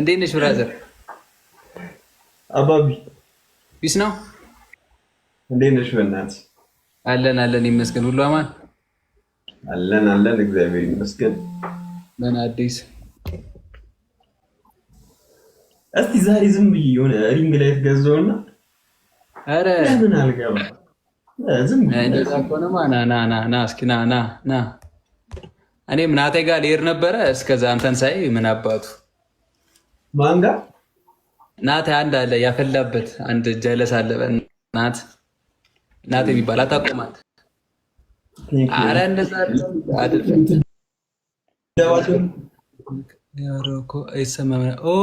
እንዴት ነሽ ብራዘር? አባቢ ቢስ ነው። እንዴት ነሽ? በእናትህ አለን አለን፣ ይመስገን። ሁሉ አማን አለን አለን፣ እግዚአብሔር ይመስገን። ምን አዲስ? እስቲ ዛሬ ዝም ብዬ የሆነ ሪንግ ላይት ገዛውና፣ አረ ለምን አልገባ ዝም እንደዛ ጋር ልሄድ ነበረ እስከዛ አንተን ሳይ ምን አባቱ ማንጋ ናት አንድ አለ ያፈላበት አንድ ጀለስ አለ ናት ናት የሚባል አታቆማት። አረ እንደዛ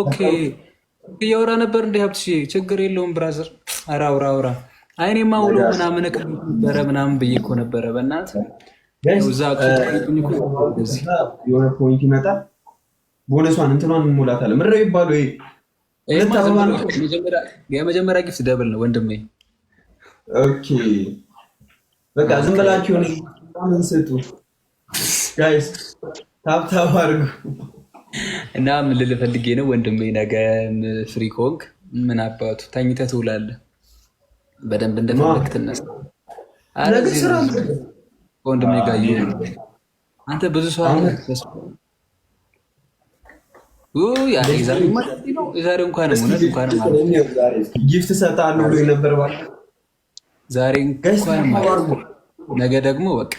ኦኬ እያወራ ነበር እንደ ሀብት ችግር የለውም ብራዘር። አራ አውራ አውራ አይኔማ ውሎ ምናምን ነበረ ምናምን ብዬ እኮ ነበረ በእናትህ እዛ የሆነ ፖይንት ይመጣል ቦነሷን እንትኗን እንሞላታለን። ምድረ ይባሉ የመጀመሪያ ጊፍት ደብል ነው ወንድሜ። ኦኬ በቃ ዝም ብላችሁ ስጡ ጋይስ፣ ታብታብ አድርጉ እና ምን ልልህ ፈልጌ ነው ወንድሜ፣ ነገ ፍሪ ኮንክ ምን አባቱ ተኝተህ ትውላለህ። በደንብ እንደፈለግ ትነሳ ወንድሜ ጋር አንተ ብዙ ሰው ዛሬ እንኳን ጊፍት ሰጣሉ ነበር። ዛሬ እንኳን ነገ ደግሞ በቃ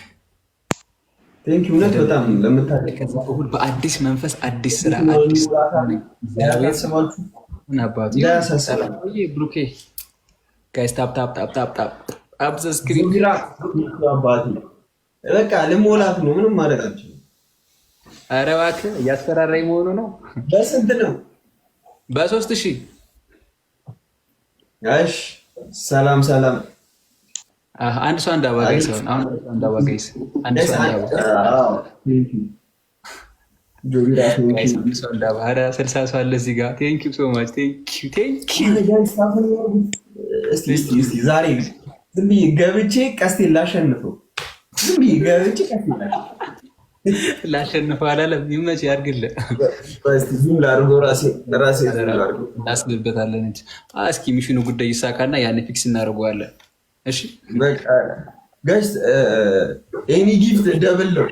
በአዲስ መንፈስ አዲስ ስራ አዲስ ብሩኬ ጋይስ ታፕ ታፕ ታፕ ታፕ ታፕ አብዘ ስክሪን በቃ ልሞላት ነው። ምንም ማድረግ አልችልም። ኧረ እባክህ እያስፈራራኝ መሆኑ ነው። በስንት ነው? በሶስት ሺህ እሺ። ሰላም ሰላም። አንድ ሰው አንድ ሰው አሁን አንድ አንድ ሰው አንድ ስልሳ ሰው አለ እዚህ ጋር። ሶ ማች ዛሬ ዝም ብዬ ገብቼ ቀስቴን ላሸንፈው። ዝም ብዬ ገብቼ ቀስቴን ላሸንፈው ላሸንፈው አላለም። ይመች ያድርግልህ። እናስብበታለን እስኪ ሚሽኑ ጉዳይ ይሳካና ያን ፊክስ እናደርገዋለን። እሺ ጋሽ ኤኒ ጊፍት ደብል ነው።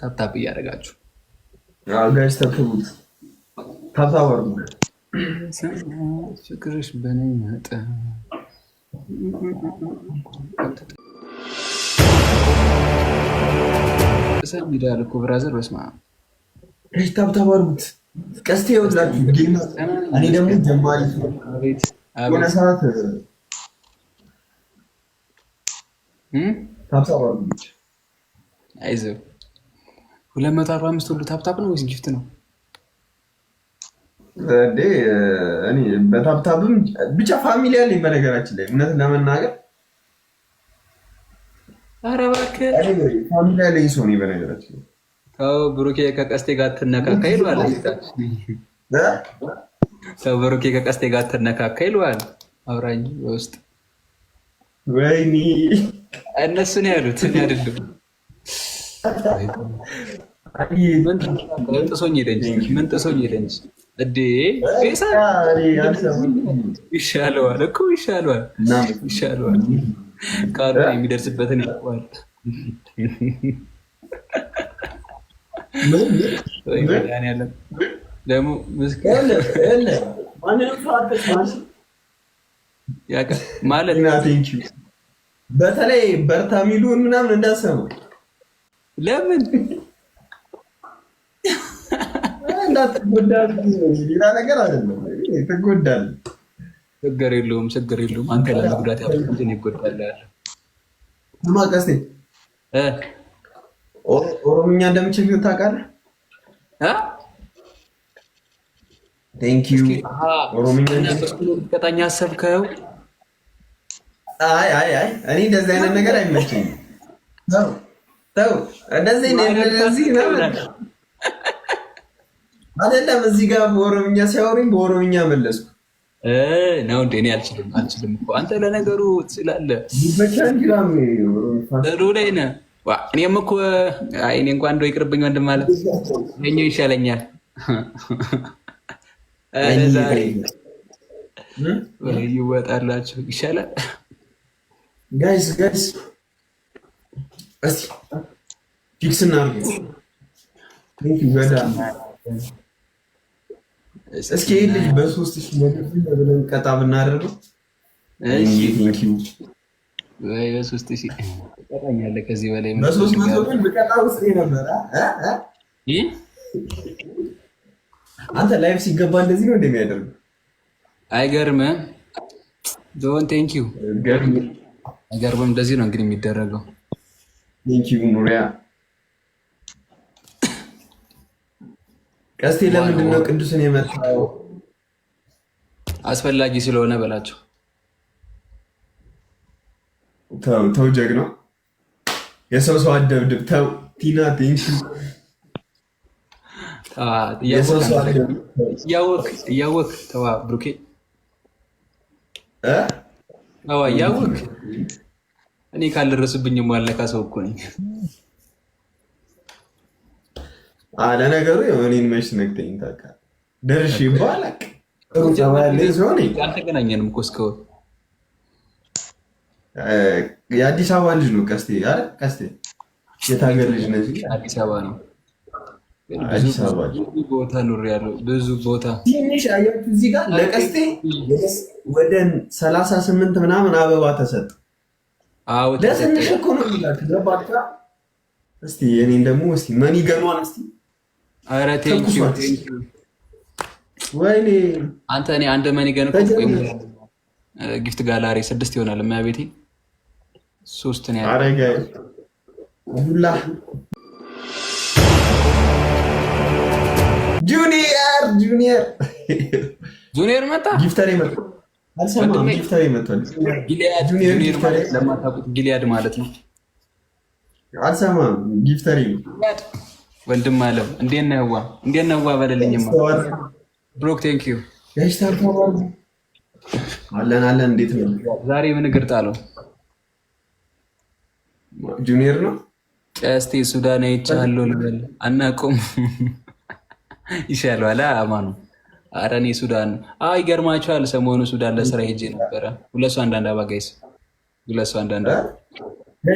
ታፕታፕ እያደረጋችሁ ጋሽ ታፕታፕ ታፕታፕ ፍቅርሽ በእኔ መጠን ሰል ሚዲያ ብራዘር በስማ ታብታብ አድርጉት። ቀስቴ ይወላችሁ እኔ ደግሞ ጀማሪ ሆነ ሰዓት ታብታብ ሁለት መቶ አርባ አምስት ሁሉ ታብታብ ነው ወይስ ጊፍት ነው? በታብታብም ብቻ ፋሚሊ አለኝ። በነገራችን ላይ እውነት ለመናገር ኧረ እባክህ ፋሚሊ አለኝ ሰው ነኝ። በነገራችን ላይ ተው ብሩኬ፣ ከቀስቴ ጋር ትነካካ ይለዋል። ተው ብሩኬ፣ ከቀስቴ ጋር ትነካካ ይለዋል። አብራኝ በውስጥ ወይኒ እነሱ ነው ያሉት፣ እኔ አይደለም። ምን ጥሶኝ ሄደ እንጂ ምን ጥሶኝ ሄደ እንጂ እንዴ ይሻለዋል እኮ ይሻለዋል ይሻለዋል። ቃሉ የሚደርስበትን ያውቀዋል። ደግሞ ማለት በተለይ በርታ ሚሉን ምናምን እንዳሰማ ለምን ሌላ ነገር አይደለም። ትጎዳለህ። ችግር የለውም፣ ችግር የለውም። አንተ ለመጉዳት ይጎዳል ስማ፣ ቀስቴ ኦሮምኛ እንደምችል ታውቃለህ? አሰብከው? አይ አይ አይ እኔ እንደዚህ አይነት ነገር አይመቸኝም። ተው ተው፣ እንደዚህ ነው እንደዚህ ነው አይደለም እዚህ ጋር በኦሮምኛ ሲያወሩኝ በኦሮምኛ መለስኩ ነው እንደ እኔ አልችልም አልችልም እኮ አንተ ለነገሩ ስላለ ሩ ላይ ነ እኔም እኮ እኔ እንኳ እንደው ይቅርብኝ ወንድም ማለት ለኛው ይሻለኛል። ዛሬ ይወጣላችሁ ይሻላል። ጋይስ ጋይስ እስኪ ፊክስ እናድርግ። እስኪ ይህ ልጅ በሶስት ሺ ብለን ቀጣ ብናደርገው በሶስት ሺ ከዚህ በላይ በሶስት መቶ ግን ብቀጣ ነበረ። አንተ ላይፍ ሲገባ እንደዚህ ነው እንደሚያደርግ አይገርምም? ዶን ቴንክ ዩ አይገርምም። እንደዚህ ነው እንግዲህ የሚደረገው። ቴንክ ዩ ኑሪያ ቀስቴ ለምንድን ነው ቅዱስን የመታው? አስፈላጊ ስለሆነ በላቸው። ተው ተው፣ ጀግና የሰው ሰው አደብድብ። ተው ቲና፣ ቴንኪ እያወቅ ተዋ፣ ብሩኬ እያወቅ እኔ ካልደረስብኝ ማለካ ሰው እኮ ነኝ። ለነገሩ የሆኔን መች ነግተኝ ታውቃለህ። ደርሽ ይባል አልተገናኘንም እኮ እስካሁን። የአዲስ አበባ ልጅ ነው ቀስቴ። አ ቀስቴ የት ሀገር ልጅ ነህ? አዲስ አበባ ነው። ቦታ ኑር ያለው ብዙ ቦታ ትንሽ አያችሁ። እዚህ ጋር ለቀስቴ ወደ ሰላሳ ስምንት ምናምን አበባ ተሰጥ ለትንሽ እኮ ነው ሚላ። እስቲ የኔን ደግሞ እስቲ መኒ ገኗን እስቲ ኧረ ቴንኪው ወይኔ አንተ እኔ አንድ መኒገን ጊፍት ጋላሪ ስድስት ይሆናል። የሚያቤቴ ሶስት ነው ያለው ጁኒየር ጁኒየር ጁኒየር መጣ። ጊፍተር ለማታውቁት ማለት ነው። አልሰማም ጊፍተር ወንድም አለም እንዴት ነህ? ዋ እንዴት ነህ? ዋ በለልኝማ። ብሮክ ቴንክ ዩ አለን አለን። እንዴት ነው ዛሬ? ምን እግር ጣለው? ጁኒየር ነው ቀስቴ ሱዳን አይቻለሁ ልበል አናቆም ይሻለዋል። አማ ነው። ኧረ እኔ ሱዳን አይ ይገርማችኋል፣ ሰሞኑ ሱዳን ለስራ ሄጄ ነበረ። ሁለቱ አንዳንድ አበባ ጋይስ፣ ሁለቱ አንዳንድ አበባ፣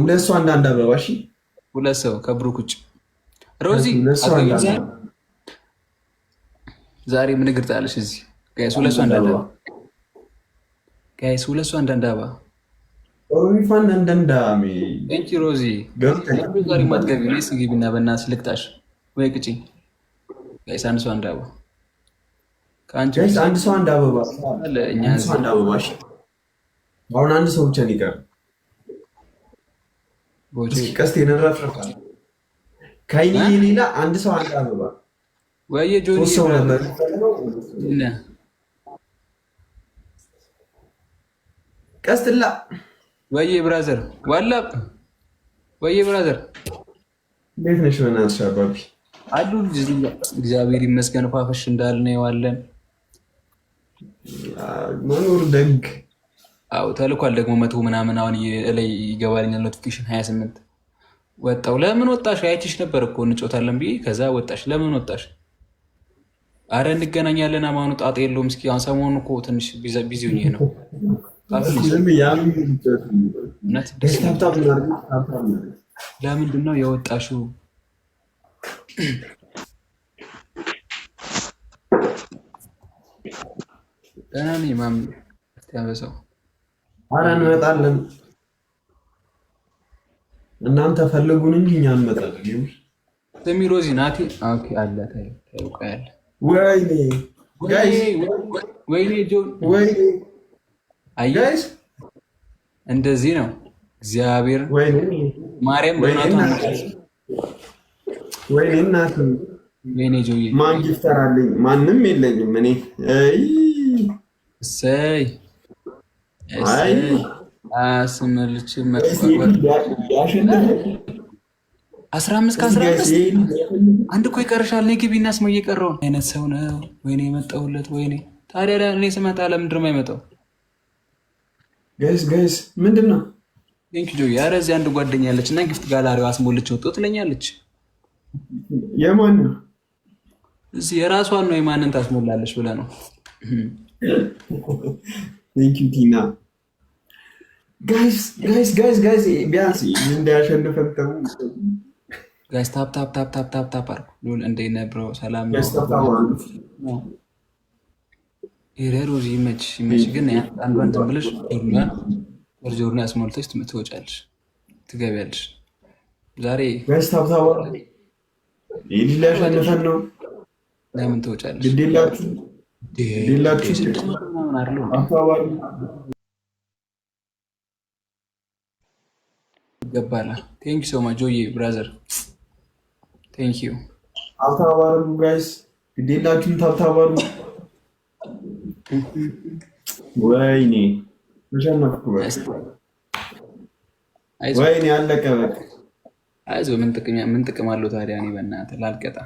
ሁለቱ አንዳንድ አበባ፣ ሁለት ሰው ከብሩክ ውጭ ሮዚ ዛሬ ምን እግር ጣለሽ? እዚህ ጋይስ ሁለሱ አንዳንድ ጋይስ ሁለሱ እንቺ ሮዚ ዛሬ ማትገቢ ስ ግቢና በእናትሽ ልቅጣሽ ወይ ቅጪ። ጋይስ አንድ ሰው አንዳባ ከአንቺ አንድ ሰው እኛ አሁን አንድ ሰው ብቻ ይቀር ከይኒ ሌላ አንድ ሰው አንድ አበባ ወይ ጆኒ ሰው ነበር። ቀስትላ ወይ ብራዘር ዋላ ወይ ብራዘር እንዴት ነሽ? ምን በእናትሽ አባቢ አሉ ልጅ እግዚአብሔር ይመስገን ፋፈሽ እንዳልነ የዋለን መኖር ደግ። አው ተልኳል ደግሞ መቶ ምናምን አሁን ላይ ይገባልኛል ኖቲፊኬሽን 28 ወጣው ለምን ወጣሽ? አይችሽ ነበር እኮ እንጮታለን ብዬ ከዛ ወጣሽ። ለምን ወጣሽ? አረ እንገናኛለን። አማኑ ጣጤ የለውም። እስኪ አሁን ሰሞኑን እኮ ትንሽ ቢዚ ሆኜ ነው። ለምንድን ነው የወጣሽው? ደህና ነኝ። ማም ያበሰው አረ እንመጣለን እናንተ ፈልጉን እንጂ እኛ አንመጣም። ስሚ ሮዚ ናቲ አለ ታውቃለህ። ወይኔ ወይኔ ጆን ወይኔ እንደዚህ ነው እግዚአብሔር። ማርያም ወይኔ እናት ወይኔ ማን ጊፍተር አለኝ? ማንም የለኝም እኔ እይ እሰይ አስመልች አስራ አምስት ከአስራ አምስት አንድ እኮ ይቀርሻል። እኔ ግቢ እናስመው እየቀረውን አይነት ሰው ነው። ወይኔ የመጣሁለት ወይኔ። ታዲያ እኔ ስመጣ ለምንድን ነው የማይመጣው? ጋይስ ጋይስ ምንድን ነው ንክ ጆ ያረ እዚህ አንድ ጓደኛ ያለች እና ጊፍት ጋላሪዋ አስሞልች ወጥቶ ትለኛለች። የማን ነው እዚህ? የራሷን ነው የማንን ታስሞላለች ብለህ ነው። ዩ ቲና ጋይስ ጋይስ ጋይስ ጋይስ ቢያንስ እንዳያሸንፈን ጋይስ። ታፕ ታፕ ታፕ ታፕ ታፕ ታፕ አድርጉ። ሰላም ነው። ይረሩ ይመች ይመች። ግን አንዱ እንትን ብለሽ ጆርናል ወር ጆርናል አስሞልተሽ ትወጫለሽ፣ ትገቢያለሽ። ዛሬ ጋይስ ታፕ ታፕ ሊያሸንፈን ነው። ለምን ትወጫለሽ? ግዴላችሁ ግዴላችሁ ይገባናል። ቴንክ ሶ ማች ጆዬ ብራዘር ቴንክ ዩ። አልታባሩ ጋይስ ግዴላችሁም ታብታባሩ። ወይኔ ተሸነፍኩ። ወይኔ አለቀ። በቃ ምን ጥቅም አለው ታዲያ? እኔ በእናትህ ላልቀጣ